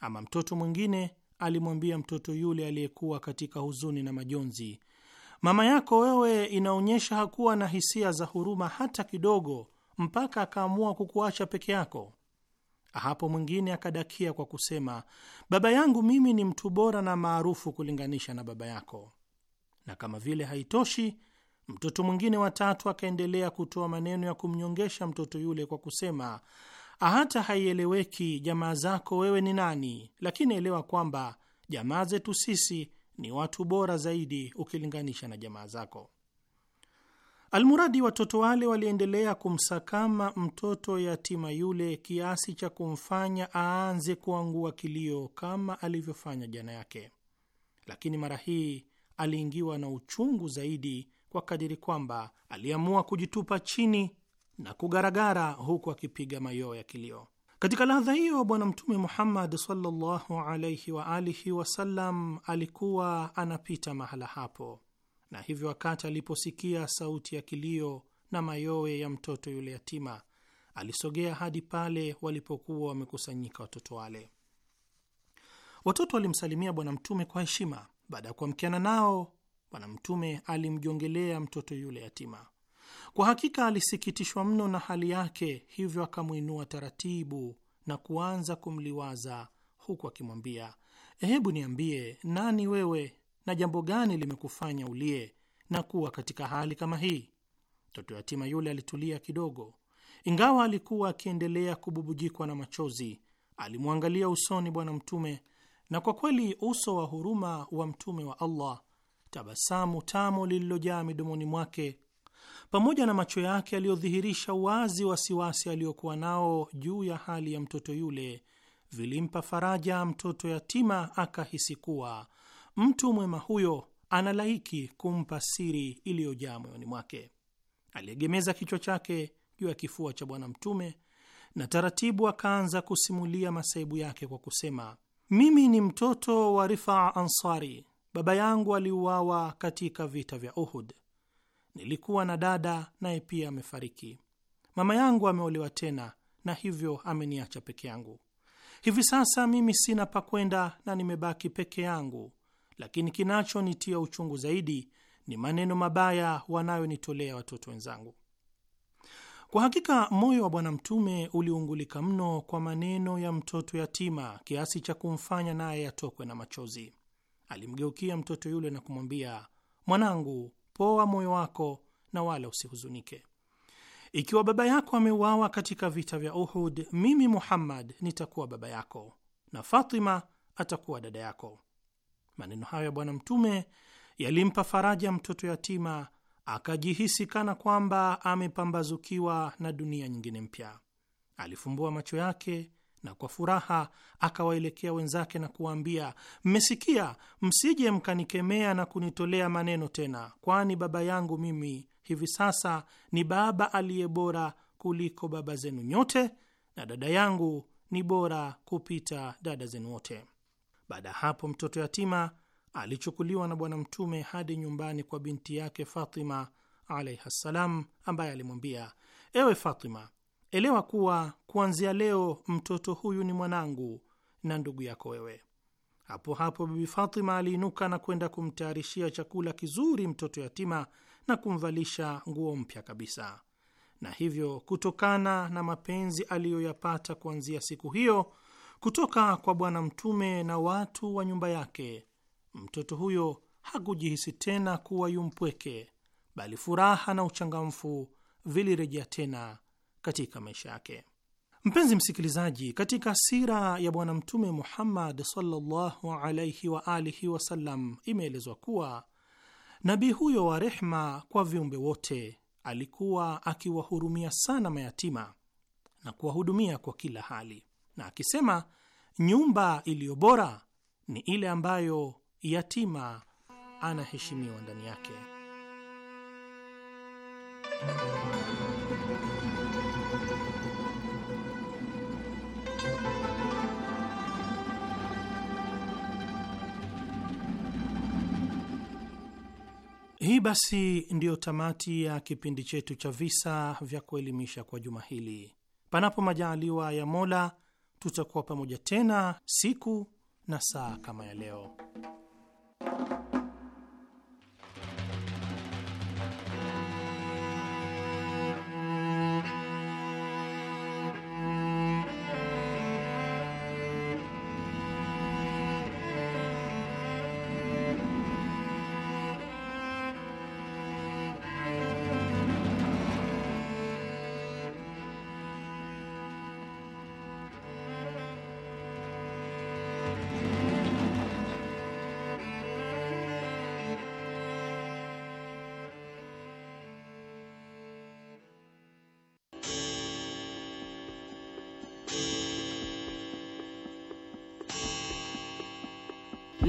Ama mtoto mwingine alimwambia mtoto yule aliyekuwa katika huzuni na majonzi, mama yako wewe inaonyesha hakuwa na hisia za huruma hata kidogo, mpaka akaamua kukuacha peke yako. Hapo mwingine akadakia kwa kusema, baba yangu mimi ni mtu bora na maarufu kulinganisha na baba yako na kama vile haitoshi, mtoto mwingine watatu akaendelea kutoa maneno ya kumnyongesha mtoto yule kwa kusema, hata haieleweki jamaa zako wewe ni nani, lakini elewa kwamba jamaa zetu sisi ni watu bora zaidi ukilinganisha na jamaa zako. Almuradi, watoto wale waliendelea kumsakama mtoto yatima yule kiasi cha kumfanya aanze kuangua kilio kama alivyofanya jana yake, lakini mara hii aliingiwa na uchungu zaidi kwa kadiri kwamba aliamua kujitupa chini na kugaragara huku akipiga mayoo ya kilio. Katika ladha hiyo, Bwana Mtume Muhammad sallallahu alaihi wa alihi wasallam alikuwa anapita mahala hapo, na hivyo wakati aliposikia sauti ya kilio na mayowe ya mtoto yule yatima, alisogea hadi pale walipokuwa wamekusanyika watoto wale. Watoto walimsalimia Bwana Mtume kwa heshima baada ya kuamkiana nao, Bwana Mtume alimjongelea mtoto yule yatima. Kwa hakika alisikitishwa mno na hali yake, hivyo akamwinua taratibu na kuanza kumliwaza huku akimwambia, hebu niambie, nani wewe na jambo gani limekufanya ulie na kuwa katika hali kama hii? Mtoto yatima yule alitulia kidogo, ingawa alikuwa akiendelea kububujikwa na machozi. Alimwangalia usoni Bwana Mtume na kwa kweli uso wa huruma wa mtume wa Allah, tabasamu tamu lililojaa midomoni mwake, pamoja na macho yake aliyodhihirisha wazi wasiwasi aliyokuwa nao juu ya hali ya mtoto yule, vilimpa faraja mtoto yatima, akahisi kuwa mtu mwema huyo analaiki kumpa siri iliyojaa moyoni mwake. Aliegemeza kichwa chake juu ya kifua cha Bwana Mtume na taratibu akaanza kusimulia masaibu yake kwa kusema mimi ni mtoto wa Rifaa Ansari. Baba yangu aliuawa katika vita vya Uhud. Nilikuwa na dada, naye pia amefariki. Mama yangu ameolewa tena, na hivyo ameniacha peke yangu. Hivi sasa mimi sina pa kwenda na nimebaki peke yangu, lakini kinachonitia uchungu zaidi ni maneno mabaya wanayonitolea watoto wenzangu. Kwa hakika moyo wa Bwana Mtume uliungulika mno kwa maneno ya mtoto yatima kiasi cha kumfanya naye atokwe na machozi. Alimgeukia mtoto yule na kumwambia, mwanangu, poa moyo wako na wala usihuzunike. Ikiwa baba yako ameuawa katika vita vya Uhud, mimi Muhammad nitakuwa baba yako na Fatima atakuwa dada yako. Maneno hayo ya Bwana Mtume yalimpa faraja mtoto yatima akajihisi kana kwamba amepambazukiwa na dunia nyingine mpya. Alifumbua macho yake na kwa furaha akawaelekea wenzake na kuwaambia, mmesikia? Msije mkanikemea na kunitolea maneno tena, kwani baba yangu mimi hivi sasa ni baba aliye bora kuliko baba zenu nyote, na dada yangu ni bora kupita dada zenu wote. Baada ya hapo, mtoto yatima alichukuliwa na Bwana Mtume hadi nyumbani kwa binti yake Fatima alaihi ssalam, ambaye alimwambia, ewe Fatima, elewa kuwa kuanzia leo mtoto huyu ni mwanangu na ndugu yako wewe. Hapo hapo Bibi Fatima aliinuka na kwenda kumtayarishia chakula kizuri mtoto yatima na kumvalisha nguo mpya kabisa. Na hivyo kutokana na mapenzi aliyoyapata kuanzia siku hiyo kutoka kwa Bwana Mtume na watu wa nyumba yake mtoto huyo hakujihisi tena kuwa yumpweke, bali furaha na uchangamfu vilirejea tena katika maisha yake. Mpenzi msikilizaji, katika sira ya Bwana Mtume Muhammad sallallahu alaihi wa alihi wasallam imeelezwa kuwa nabii huyo wa rehma kwa viumbe wote alikuwa akiwahurumia sana mayatima na kuwahudumia kwa kila hali, na akisema nyumba iliyo bora ni ile ambayo yatima anaheshimiwa ndani yake. Hii basi ndiyo tamati ya kipindi chetu cha visa vya kuelimisha kwa juma hili. Panapo majaaliwa ya Mola, tutakuwa pamoja tena siku na saa kama ya leo. Thank you.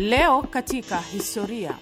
Leo katika historia.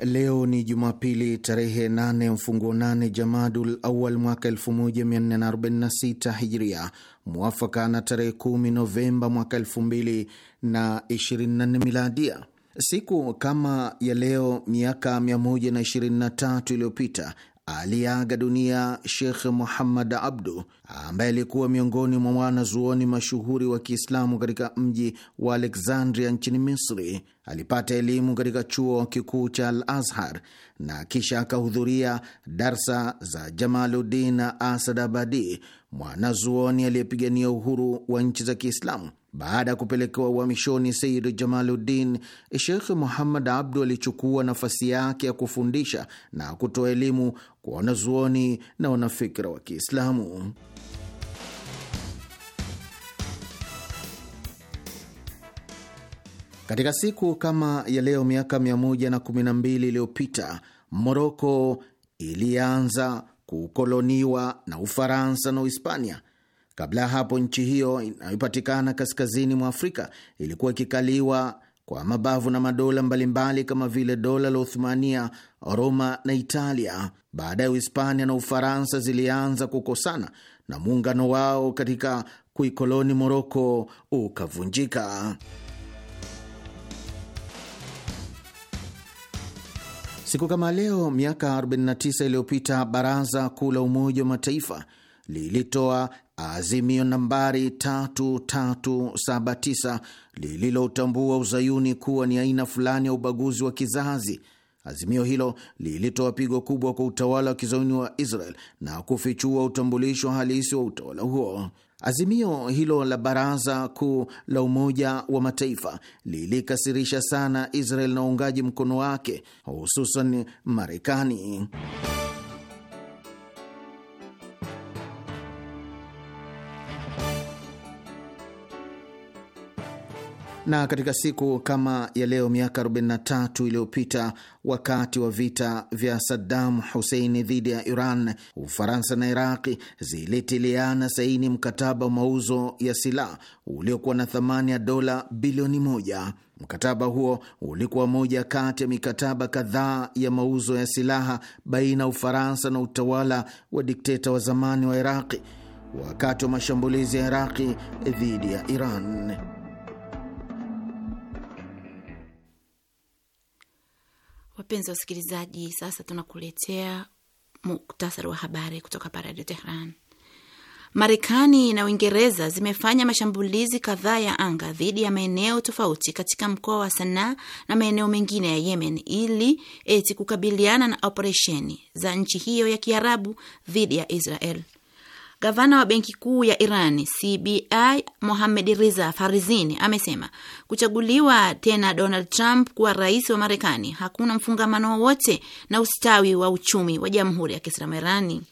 Leo ni Jumapili tarehe 8 mfunguo 8 Jamadul Awal mwaka 1446 Hijria, mwafaka na tarehe 10 Novemba mwaka 2024 Miladia. Siku kama ya leo miaka 123 iliyopita aliyeaga dunia Shekh Muhammad Abdu, ambaye alikuwa miongoni mwa wanazuoni mashuhuri wa Kiislamu katika mji wa Alexandria nchini Misri. Alipata elimu katika chuo kikuu cha Al Azhar na kisha akahudhuria darsa za Jamaluddin Asadabadi, mwanazuoni aliyepigania uhuru wa nchi za Kiislamu. Baada ya kupelekewa uhamishoni Sayid Jamaluddin, Shekh Muhammad Abdu alichukua nafasi yake ya kufundisha na kutoa elimu kwa wanazuoni na wanafikira wa Kiislamu. Katika siku kama ya leo miaka 112 iliyopita Moroko ilianza kukoloniwa na Ufaransa na Uhispania Kabla ya hapo, nchi hiyo inayopatikana kaskazini mwa Afrika ilikuwa ikikaliwa kwa mabavu na madola mbalimbali kama vile dola la Uthmania, Roma na Italia. Baadaye Uhispania na Ufaransa zilianza kukosana na muungano wao katika kuikoloni Moroko ukavunjika. Siku kama leo miaka 49 iliyopita, Baraza Kuu la Umoja wa Mataifa lilitoa Azimio nambari 3379 lililotambua uzayuni kuwa ni aina fulani ya ubaguzi wa kizazi. Azimio hilo lilitoa pigo kubwa kwa utawala wa kizayuni wa Israel na kufichua utambulisho halisi wa utawala huo. Azimio hilo la Baraza Kuu la Umoja wa Mataifa lilikasirisha sana Israel na uungaji mkono wake, hususan Marekani. Na katika siku kama ya leo miaka 43 iliyopita, wakati wa vita vya Saddam Hussein dhidi ya Iran, Ufaransa na Iraqi zilitiliana saini mkataba wa mauzo ya silaha uliokuwa na thamani ya dola bilioni moja. Mkataba huo ulikuwa moja kati ya mikataba kadhaa ya mauzo ya silaha baina ya Ufaransa na utawala wa dikteta wa zamani wa Iraqi wakati wa mashambulizi ya Iraqi dhidi ya Iran. Wapenzi wasikilizaji, sasa tunakuletea muktasari wa habari kutoka pa Radio Tehran. Marekani na Uingereza zimefanya mashambulizi kadhaa ya anga dhidi ya maeneo tofauti katika mkoa wa Sanaa na maeneo mengine ya Yemen ili eti kukabiliana na operesheni za nchi hiyo ya Kiarabu dhidi ya Israel. Gavana wa Benki Kuu ya Iran CBI Mohamed riza Farizini amesema kuchaguliwa tena Donald Trump kuwa rais wa Marekani hakuna mfungamano wowote na ustawi wa uchumi wa Jamhuri ya Kiislamu Irani.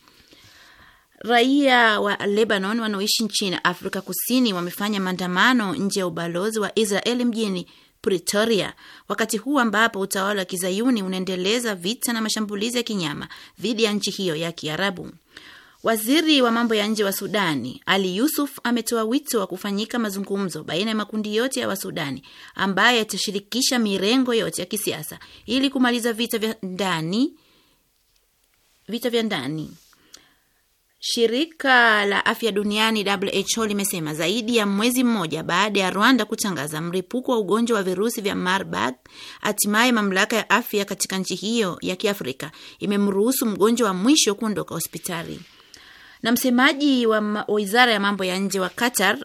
Raia wa Lebanon wanaoishi nchini Afrika Kusini wamefanya maandamano nje ya ubalozi wa Israeli mjini Pretoria wakati huu ambapo utawala wa kizayuni unaendeleza vita na mashambulizi ya kinyama dhidi ya nchi hiyo ya Kiarabu. Waziri wa mambo ya nje wa Sudani Ali Yusuf ametoa wito wa kufanyika mazungumzo baina ya makundi yote ya Wasudani ambayo yatashirikisha mirengo yote ya kisiasa ili kumaliza vita vya ndani vita vya ndani. Shirika la afya duniani WHO limesema zaidi ya mwezi mmoja baada ya Rwanda kutangaza mlipuko wa ugonjwa wa virusi vya Marburg, hatimaye mamlaka ya afya katika nchi hiyo ya Kiafrika imemruhusu mgonjwa wa mwisho kuondoka hospitali. Na msemaji wa wizara ya mambo ya nje wa Qatar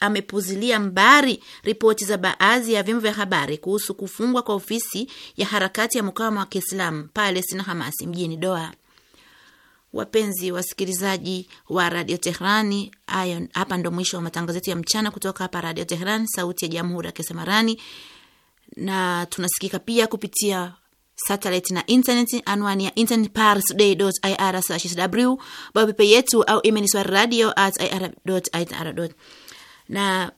amepuzilia mbari ripoti za baadhi ya vyombo vya habari kuhusu kufungwa kwa ofisi ya harakati ya mukawama wa Kiislamu Palestina, Hamasi, mjini doa Wapenzi wasikilizaji wa Radio tehrani ayo hapa ndo mwisho wa matangazo yetu ya mchana kutoka hapa Radio tehran sauti ya jamhuri ya Kisemarani, na tunasikika pia kupitia satellite na internet. Anwani ya internet parstoday.ir/sw, barua pepe yetu au email ni radio at ir.ir. Na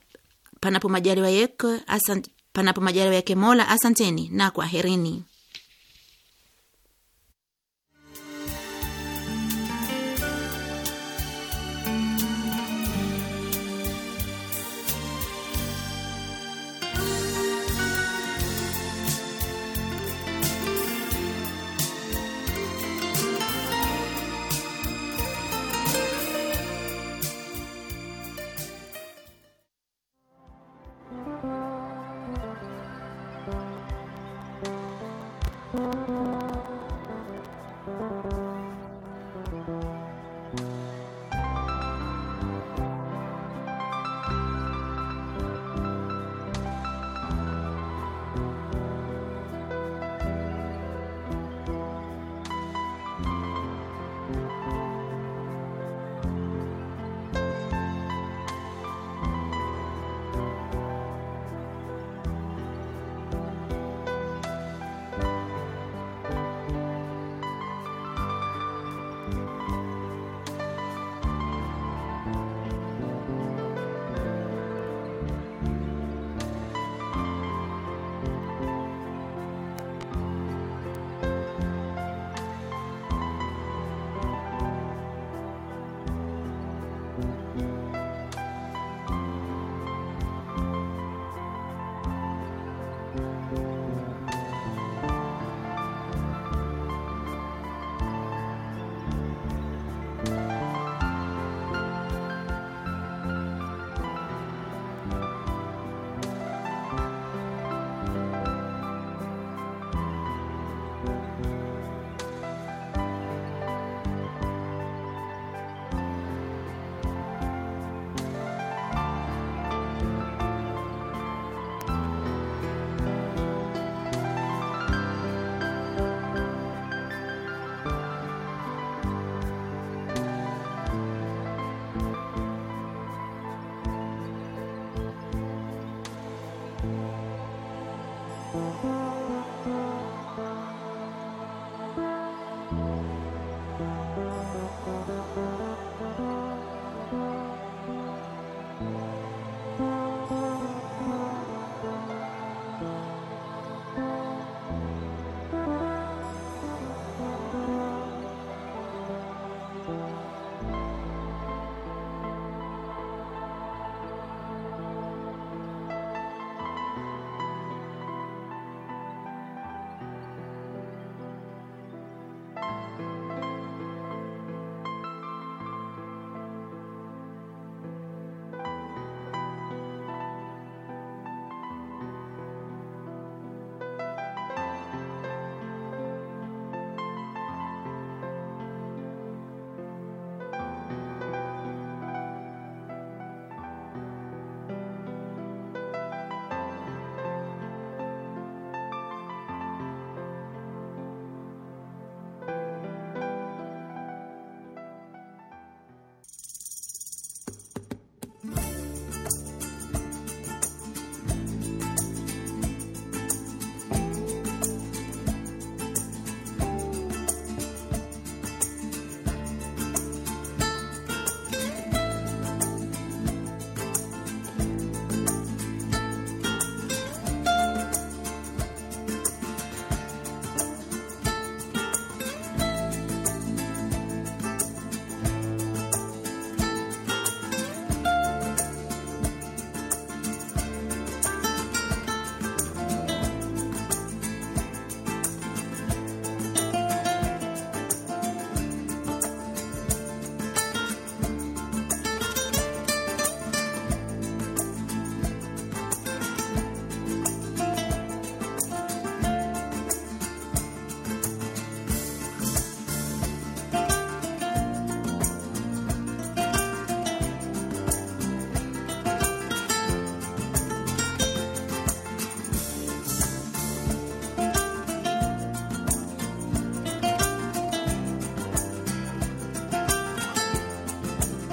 panapo majaliwa yake, asante, panapo majaliwa yake Mola, asanteni na kwaherini.